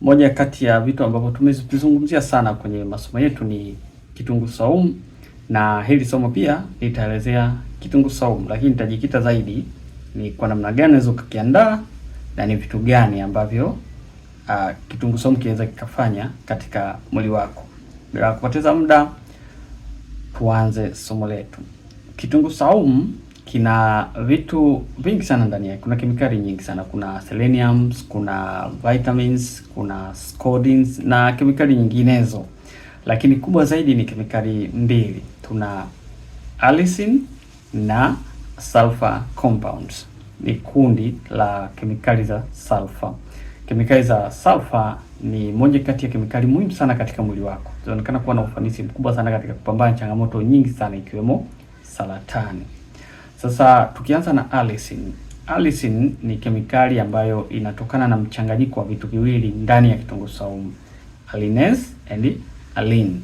Moja kati ya vitu ambavyo tumezungumzia sana kwenye masomo yetu ni kitunguu saumu, na hili somo pia nitaelezea kitunguu saumu, lakini nitajikita zaidi ni kwa namna gani unaweza kukiandaa na ni vitu gani ambavyo uh, kitunguu saumu kinaweza kikafanya katika mwili wako. Bila kupoteza muda, tuanze somo letu. Kitunguu saumu kina vitu vingi sana ndani yake. Kuna kemikali nyingi sana, kuna selenium, kuna vitamins, kuna scodins na kemikali nyinginezo, lakini kubwa zaidi ni kemikali mbili, tuna allicin na sulfur compounds. Ni kundi la kemikali za sulfur. Kemikali za sulfur ni moja kati ya kemikali muhimu sana katika mwili wako, zinaonekana kuwa na ufanisi mkubwa sana katika kupambana changamoto nyingi sana ikiwemo saratani. Sasa tukianza na allicin. Allicin ni kemikali ambayo inatokana na mchanganyiko wa vitu viwili ndani ya kitunguu saumu, allinase and allin.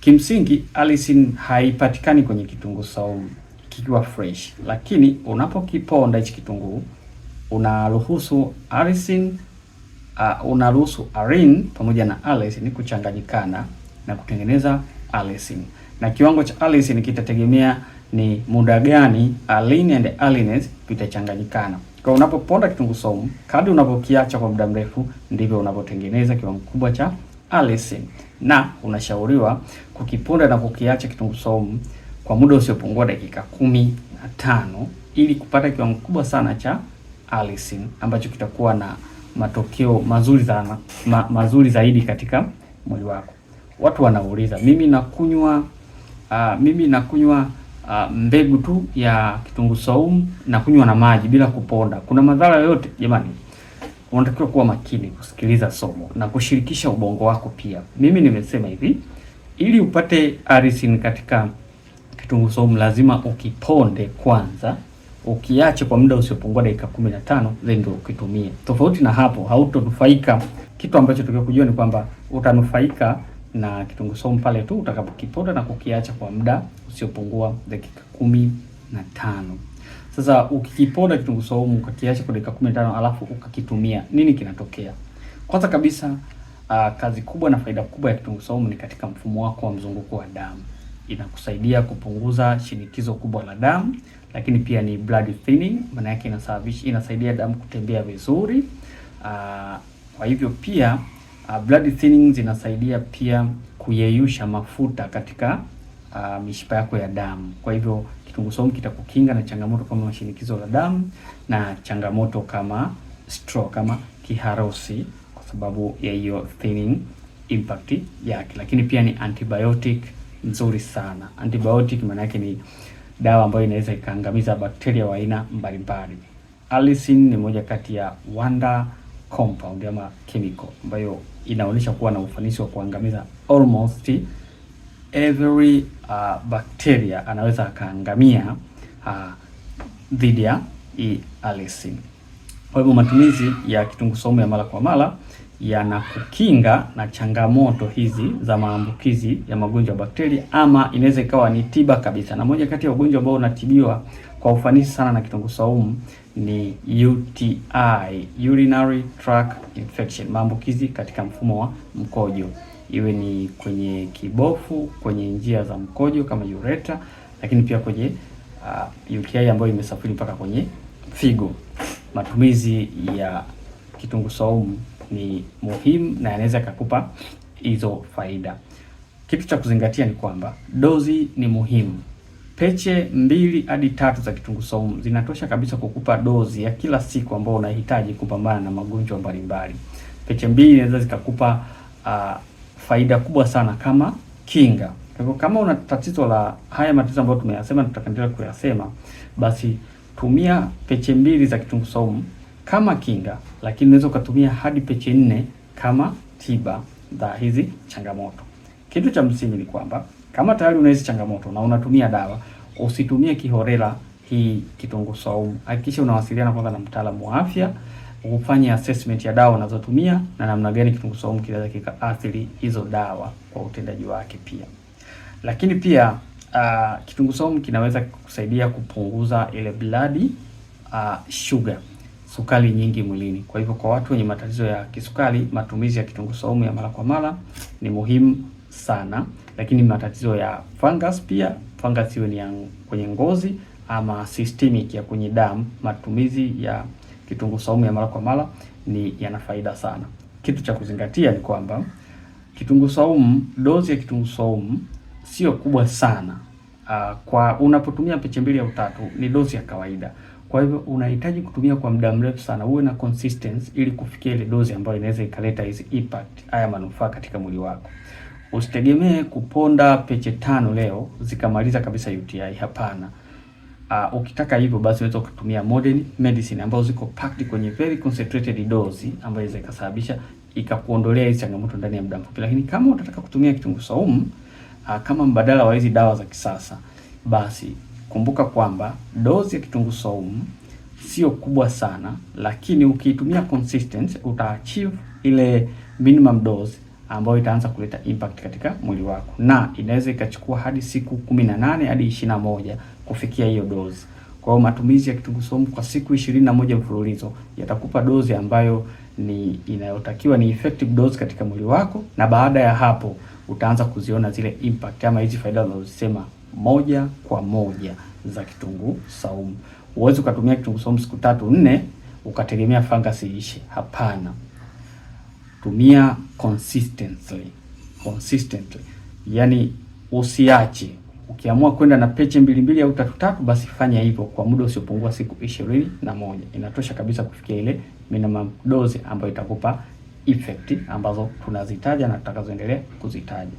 Kimsingi allicin haipatikani kwenye kitunguu saumu kikiwa fresh, lakini unapokiponda hichi kitunguu unaruhusu allicin uh, unaruhusu allin pamoja na allicin kuchanganyikana na kutengeneza allicin, na kiwango cha allicin kitategemea ni muda gani aline and alines vitachanganyikana. Kwa unapoponda kitunguu saumu, kadri unapokiacha kwa muda mrefu, ndivyo unavyotengeneza kiwango kikubwa cha alisin, na unashauriwa kukiponda na kukiacha kitunguu saumu kwa muda usiopungua dakika kumi na tano ili kupata kiwango kikubwa sana cha alisin ambacho kitakuwa na matokeo mazuri sana, ma, mazuri zaidi katika mwili wako. Watu wanauliza mimi nakunywa uh, mimi nakunywa uh, mbegu tu ya kitunguu saumu na kunywa na maji bila kuponda kuna madhara yoyote? Jamani, unatakiwa kuwa makini kusikiliza somo na kushirikisha ubongo wako pia. Mimi nimesema hivi, ili upate arisin katika kitunguu saumu lazima ukiponde kwanza, ukiache kwa muda usiopungua dakika kumi na tano then ndio ukitumie. Tofauti na hapo hautonufaika. Kitu ambacho kujua ni kwamba utanufaika na kitunguu saumu pale tu utakapokiponda na kukiacha kwa muda usiopungua dakika kumi na tano. Sasa ukikipoda kitunguu saumu ukakiacha kwa dakika kumi na tano alafu ukakitumia, nini kinatokea? Kwanza kabisa uh, kazi kubwa na faida kubwa ya kitunguu saumu ni katika mfumo wako wa mzunguko wa damu. Inakusaidia kupunguza shinikizo kubwa la damu, lakini pia ni blood thinning, maana yake inasababisha, inasaidia damu kutembea vizuri. Uh, kwa hivyo pia Uh, blood thinning zinasaidia pia kuyeyusha mafuta katika uh, mishipa yako ya damu. Kwa hivyo kitunguu saumu kitakukinga na changamoto kama shinikizo la damu na changamoto kama stroke, kama kiharusi kwa sababu ya hiyo thinning impact yake, lakini pia ni antibiotic nzuri sana. Antibiotic maana yake ni dawa ambayo inaweza ikaangamiza bakteria wa aina mbalimbali. Allicin ni moja kati ya wanda compound ama chemical ambayo inaonyesha kuwa na ufanisi wa kuangamiza almost every uh, bacteria anaweza akaangamia uh, dhidi ya E. allicin. Kwa hivyo matumizi ya kitunguu saumu ya mara kwa mara yanakukinga na changamoto hizi za maambukizi ya magonjwa ya bakteria, ama inaweza ikawa ni tiba kabisa. Na moja kati ya ugonjwa ambao unatibiwa kwa ufanisi sana na kitunguu saumu ni UTI, urinary tract infection, maambukizi katika mfumo wa mkojo, iwe ni kwenye kibofu, kwenye njia za mkojo kama ureta, lakini pia kwenye uh, UTI ambayo imesafiri mpaka kwenye figo. Matumizi ya kitunguu saumu ni muhimu na yanaweza kukupa hizo faida. Kitu cha kuzingatia ni kwamba dozi ni muhimu. Peche mbili hadi tatu za kitunguu saumu zinatosha kabisa kukupa dozi ya kila siku ambayo unahitaji kupambana na magonjwa mbalimbali. Peche mbili inaweza zikakupa uh, faida kubwa sana kama kinga. Kwa hivyo kama una tatizo la haya matatizo ambayo tumeyasema tutakaendelea kuyasema, basi tumia peche mbili za kitunguu saumu kama kinga, lakini unaweza ukatumia hadi peche nne kama tiba za hizi changamoto. Kitu cha msingi ni kwamba kama tayari una hizi changamoto na unatumia dawa, usitumie kiholela hii kitunguu saumu. Hakikisha unawasiliana kwanza na mtaalamu wa afya, ufanye assessment ya dawa unazotumia na namna gani kitunguu saumu kinaweza kikaathiri hizo dawa kwa utendaji wake pia. Lakini pia uh, ah, kitunguu saumu kinaweza kusaidia kupunguza ile blood uh, sugar sukari nyingi mwilini. Kwa hivyo kwa watu wenye matatizo ya kisukari, matumizi ya kitunguu saumu ya mara kwa mara ni muhimu sana, lakini matatizo ya fungus pia, fungus hiyo ni ya kwenye ngozi ama systemic ya kwenye damu, matumizi ya kitunguu saumu ya mara kwa mara ni yana faida sana. Kitu cha kuzingatia ni kwamba kitunguu saumu, dozi ya kitunguu saumu sio kubwa sana. Uh, kwa unapotumia peche mbili au tatu ni dozi ya kawaida. Kwa hivyo unahitaji kutumia kwa muda mrefu sana, uwe na consistency ili kufikia ile dozi ambayo inaweza ikaleta hizi impact, haya manufaa katika mwili wako. Usitegemee kuponda peche tano leo zikamaliza kabisa UTI. Hapana. Uh, ukitaka hivyo basi unaweza kutumia modern medicine ambazo ziko packed kwenye very concentrated dose ambayo inaweza ikasababisha ikakuondolea hizi changamoto ndani ya muda mfupi. Lakini kama unataka kutumia kitunguu saumu uh, kama mbadala wa hizi dawa za kisasa, basi kumbuka kwamba dozi ya kitunguu saumu sio kubwa sana, lakini ukiitumia consistent utaachieve ile minimum dose ambayo itaanza kuleta impact katika mwili wako, na inaweza ikachukua hadi siku 18 hadi ishirini moja kufikia hiyo dozi. Kwa hiyo matumizi ya kitunguu saumu kwa siku 21 mfululizo yatakupa dozi ambayo ni inayotakiwa ni effective dose katika mwili wako, na baada ya hapo utaanza kuziona zile impact ama hizi faida unazosema moja kwa moja za kitunguu saumu. Huwezi ukatumia kitunguu saumu siku tatu nne ukategemea fangasi iishe. Hapana tumia consistently, consistently, Yani usiache. Ukiamua kwenda na peche mbili mbili au tatu tatu, basi fanya hivyo kwa muda usiopungua siku ishirini na moja. Inatosha kabisa kufikia ile minimum dose ambayo itakupa effect ambazo tunazitaja na tutakazoendelea kuzitaja.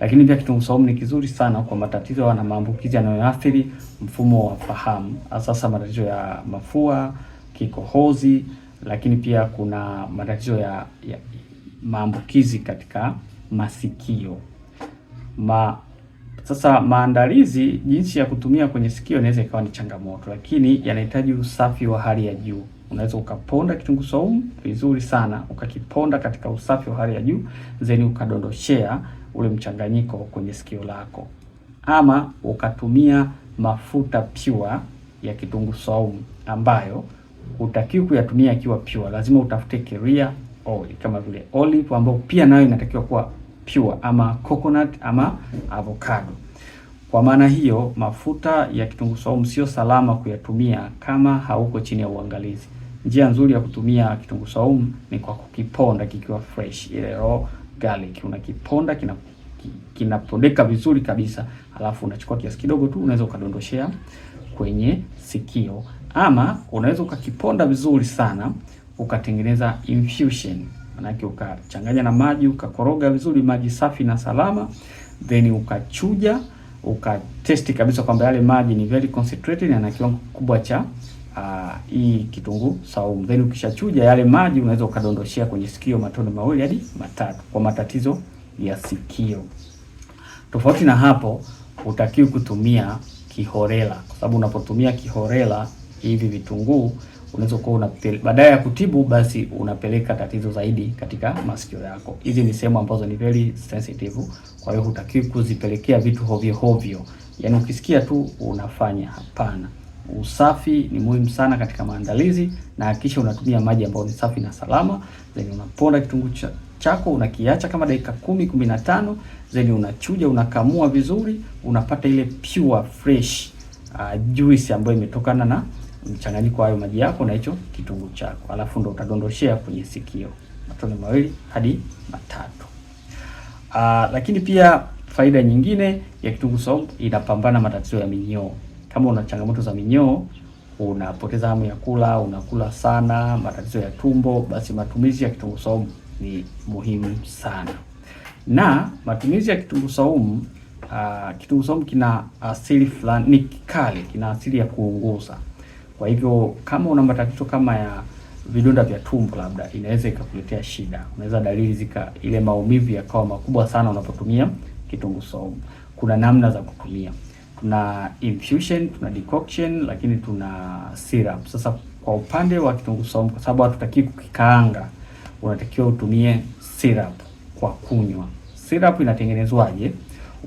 Lakini pia kitunguu saumu ni kizuri sana kwa matatizo na maambukizi yanayoathiri mfumo wa fahamu, hasa matatizo ya mafua, kikohozi, lakini pia kuna matatizo ya, ya maambukizi katika masikio ma sasa maandalizi jinsi ya kutumia kwenye sikio inaweza ikawa ni changamoto, lakini yanahitaji usafi wa hali ya juu. Unaweza ukaponda kitunguu saumu vizuri sana, ukakiponda katika usafi wa hali ya juu, zeni ukadondoshea ule mchanganyiko kwenye sikio lako, ama ukatumia mafuta pure ya kitunguu saumu ambayo hutakiwi kuyatumia akiwa pure. Lazima utafute kiria oil kama vile olive ambayo pia nayo inatakiwa kuwa pure ama coconut ama avocado. Kwa maana hiyo, mafuta ya kitunguu saumu sio salama kuyatumia kama hauko chini ya uangalizi. Njia nzuri ya kutumia kitunguu saumu ni kwa kukiponda kikiwa fresh, ile raw garlic unakiponda, kina kinapondeka vizuri kabisa, alafu unachukua kiasi kidogo tu, unaweza ukadondoshea kwenye sikio, ama unaweza ukakiponda vizuri sana ukatengeneza infusion, manake ukachanganya na maji ukakoroga vizuri, maji safi na salama, then ukachuja, ukatesti kabisa kwamba yale maji ni very concentrated na kiwango kikubwa cha hii uh, ah, hii kitunguu saumu. Then ukishachuja yale maji, unaweza ukadondoshia kwenye sikio matone mawili hadi matatu kwa matatizo ya sikio. Tofauti na hapo, utakiwa kutumia kihorela, kwa sababu unapotumia kihorela hivi vitunguu unaweza kuwa una baadaye ya kutibu, basi unapeleka tatizo zaidi katika masikio yako. Hizi ni sehemu ambazo ni very sensitive, kwa hiyo hutakiwi kuzipelekea vitu hovyo hovyo, yaani ukisikia tu unafanya. Hapana, usafi ni muhimu sana katika maandalizi, na hakikisha unatumia maji ambayo ni safi na salama. Then unaponda kitunguu cha chako unakiacha kama dakika kumi, kumi na tano, then unachuja, unakamua vizuri, unapata ile pure fresh uh, juice ambayo imetokana na mchanganyiko hayo maji yako na hicho kitunguu chako, alafu ndo utadondoshea kwenye sikio matone mawili hadi matatu. Aa, ah, lakini pia faida nyingine ya kitunguu saumu inapambana matatizo ya minyoo. Kama una changamoto za minyoo, unapoteza hamu ya kula, unakula sana, matatizo ya tumbo, basi matumizi ya kitunguu saumu ni muhimu sana. Na matumizi ya kitunguu saumu, ah, kitunguu saumu kina asili fulani, ni kikali, kina asili ya kuunguza kwa hivyo kama una matatizo kama ya vidonda vya tumbo, labda inaweza ikakuletea shida, unaweza dalili zika ile maumivu yakawa makubwa sana unapotumia kitunguu saumu. Kuna namna za kutumia, tuna infusion, tuna decoction, lakini tuna syrup. Sasa kwa upande wa kitunguu saumu, kwa sababu hatutaki kukikaanga, unatakiwa utumie syrup kwa kunywa. Syrup inatengenezwaje?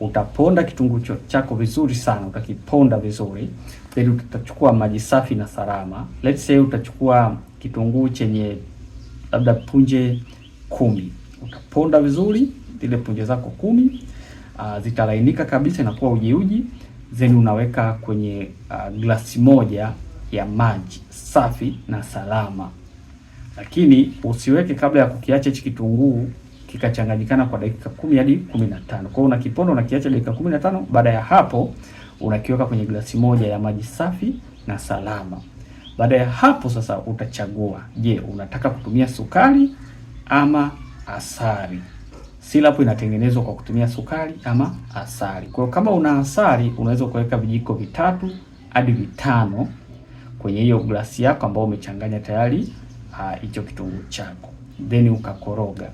Utaponda kitunguu chako vizuri sana, utakiponda vizuri ili utachukua maji safi na salama. Let's say utachukua kitunguu chenye labda punje kumi, utaponda vizuri zile punje zako kumi, uh, zitalainika kabisa, inakuwa ujiuji, then unaweka kwenye uh, glasi moja ya maji safi na salama, lakini usiweke kabla ya kukiacha hichi kitunguu kikachanganyikana kwa dakika kumi hadi kumi na tano. Kwa hiyo unakiponda unakiacha dakika kumi na tano. Baada ya hapo unakiweka kwenye glasi moja ya maji safi na salama. Baada ya hapo sasa utachagua, je, unataka kutumia sukari ama asali? Silapu inatengenezwa kwa kutumia sukari ama asali. Kwa hiyo kama una asali unaweza ukaweka vijiko vitatu hadi vitano kwenye hiyo glasi yako ambayo umechanganya tayari ah, hicho uh, kitunguu chako, then ukakoroga.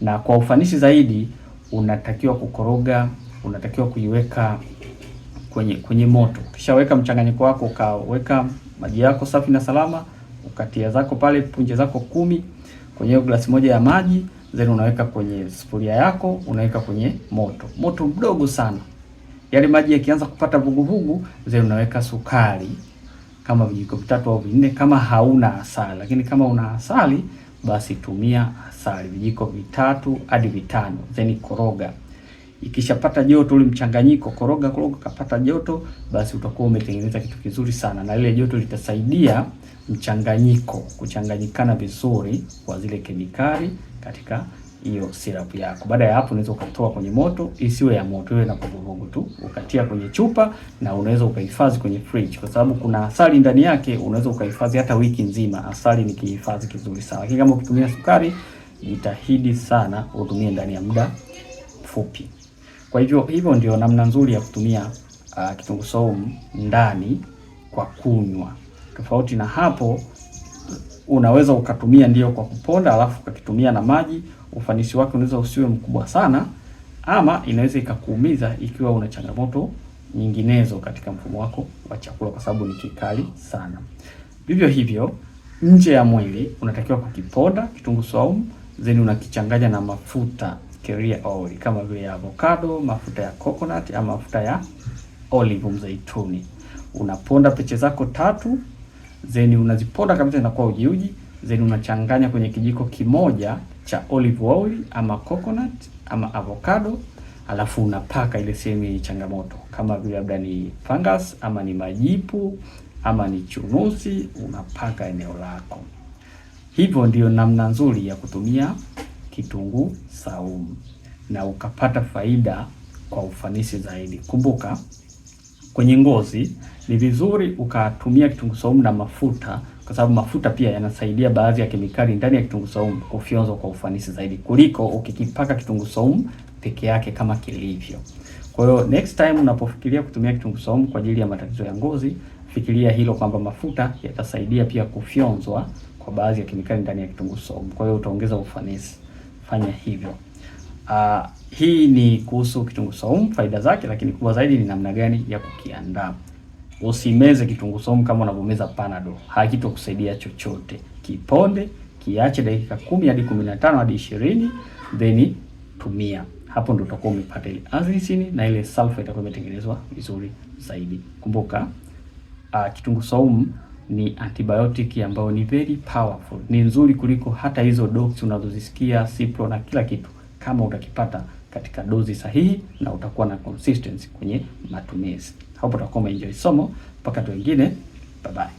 Na kwa ufanisi zaidi unatakiwa kukoroga, unatakiwa kuiweka kwenye kwenye moto. Ukishaweka mchanganyiko wako, ukaweka maji yako safi na salama, ukatia zako pale punje zako kumi kwenye glasi moja ya maji, then unaweka kwenye sufuria yako, unaweka kwenye moto, moto mdogo sana. Yale maji yakianza kupata vuguvugu, then unaweka sukari kama vijiko vitatu au vinne, kama hauna asali. Lakini kama una asali, basi tumia asali vijiko vitatu hadi vitano, then koroga ikishapata joto ule mchanganyiko, koroga koroga, kapata joto, basi utakuwa umetengeneza kitu kizuri sana, na ile joto litasaidia mchanganyiko kuchanganyikana vizuri kwa zile kemikali katika hiyo syrup yako. Baada ya hapo, unaweza ukatoa kwenye moto, isiwe ya moto, iwe na vuguvugu tu, ukatia kwenye chupa na unaweza ukahifadhi kwenye fridge, kwa sababu kuna asali ndani yake. Unaweza ukahifadhi hata wiki nzima, asali ni kihifadhi kizuri sana. Lakini kama ukitumia sukari, jitahidi sana utumie ndani ya muda mfupi. Kwa hivyo hivyo ndio namna nzuri ya kutumia uh, kitunguu saumu ndani kwa kunywa. Tofauti na hapo, unaweza ukatumia ndio kwa kuponda, alafu ukakitumia na maji, ufanisi wake unaweza usiwe mkubwa sana, ama inaweza ikakuumiza ikiwa una changamoto nyinginezo katika mfumo wako wa chakula, kwa sababu ni kikali sana. Vivyo hivyo nje ya mwili unatakiwa kukiponda kitunguu saumu, then unakichanganya na mafuta carrier oil kama vile ya avocado, mafuta ya coconut ama mafuta ya olive mzaituni. Unaponda peche zako tatu zeni, unaziponda kabisa, inakuwa ujiuji zeni, unachanganya kwenye kijiko kimoja cha olive oil ama coconut ama avocado, alafu unapaka ile sehemu yenye changamoto kama vile labda ni fungus ama ni majipu ama ni chunusi, unapaka eneo lako. Hivyo ndio namna nzuri ya kutumia kitunguu saumu na ukapata faida kwa ufanisi zaidi. Kumbuka, kwenye ngozi ni vizuri ukatumia kitunguu saumu na mafuta, kwa sababu mafuta pia yanasaidia baadhi ya kemikali ndani ya kitunguu saumu kufyonzwa kwa ufanisi zaidi kuliko ukikipaka kitunguu saumu peke yake kama kilivyo. Kwa hiyo next time unapofikiria kutumia kitunguu saumu kwa ajili ya matatizo ya ngozi, fikiria hilo kwamba mafuta yatasaidia pia kufyonzwa kwa baadhi ya kemikali ndani ya kitunguu saumu, kwa hiyo utaongeza ufanisi fanya hivyo. Uh, hii ni kuhusu kitunguu saumu faida zake, lakini kubwa zaidi ni namna gani ya kukiandaa. Usimeze kitunguu saumu kama unavyomeza Panadol, hakitokusaidia chochote. Kiponde, kiache dakika kumi hadi kumi na tano hadi ishirini then tumia. Hapo ndo utakuwa umepata ile azisini na ile sulfa itakuwa imetengenezwa vizuri zaidi. Kumbuka uh, kitunguu saumu ni antibiotic ambayo ni very powerful, ni nzuri kuliko hata hizo dox unazozisikia Cipro na kila kitu, kama utakipata katika dozi sahihi na utakuwa na consistency kwenye matumizi. Hapo utakuwa umeenjoy somo. Mpaka wengine, bye bye.